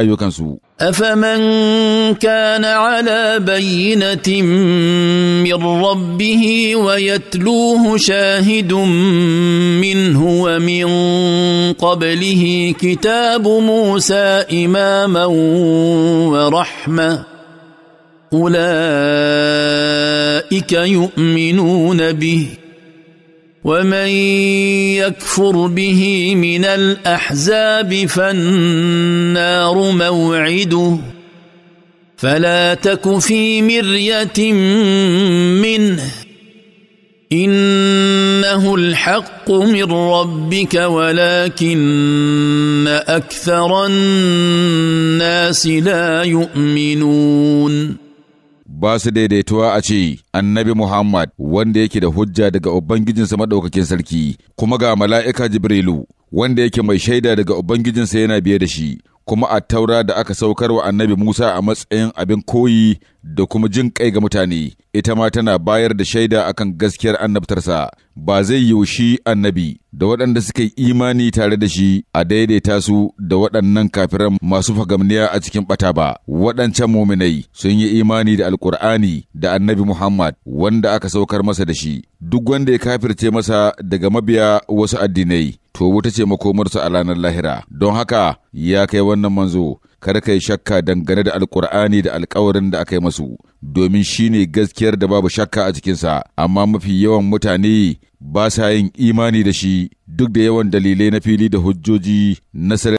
ayyukansu. أيوة أفمن كان على بينة من ربه ويتلوه شاهد منه ومن قبله كتاب موسى إماما ورحمة أولئك يؤمنون به ومن يكفر به من الاحزاب فالنار موعده فلا تك في مريه منه انه الحق من ربك ولكن اكثر الناس لا يؤمنون ba su daidaituwa a ce annabi Muhammad wanda yake da hujja daga Ubangijinsa maɗaukakin sarki, kuma ga mala'ika Jibrilu wanda yake mai shaida daga Ubangijinsa yana biye da shi. kuma a taura da aka saukar wa annabi Musa a matsayin abin koyi da kuma jin kai ga mutane, ita ma tana bayar da shaida akan gaskiyar annabtarsa, ba zai yaushi annabi da waɗanda suka yi imani tare da shi a daidaita su da waɗannan kafiran masu fagamniya a cikin ɓata ba, waɗancan muminai sun yi imani da alkur'ani da annabi Muhammad wanda aka saukar masa da shi, duk wanda ya kafirce masa daga mabiya wasu addinai. to wuta ce makomarsu a ranar lahira don haka ya kai wannan manzo kada ka yi shakka dangane da alkur'ani da alkawarin da aka yi masu domin shi ne gaskiyar da babu shakka a cikinsa amma mafi yawan mutane ba sa yin imani da shi duk da yawan dalilai na fili da hujjoji na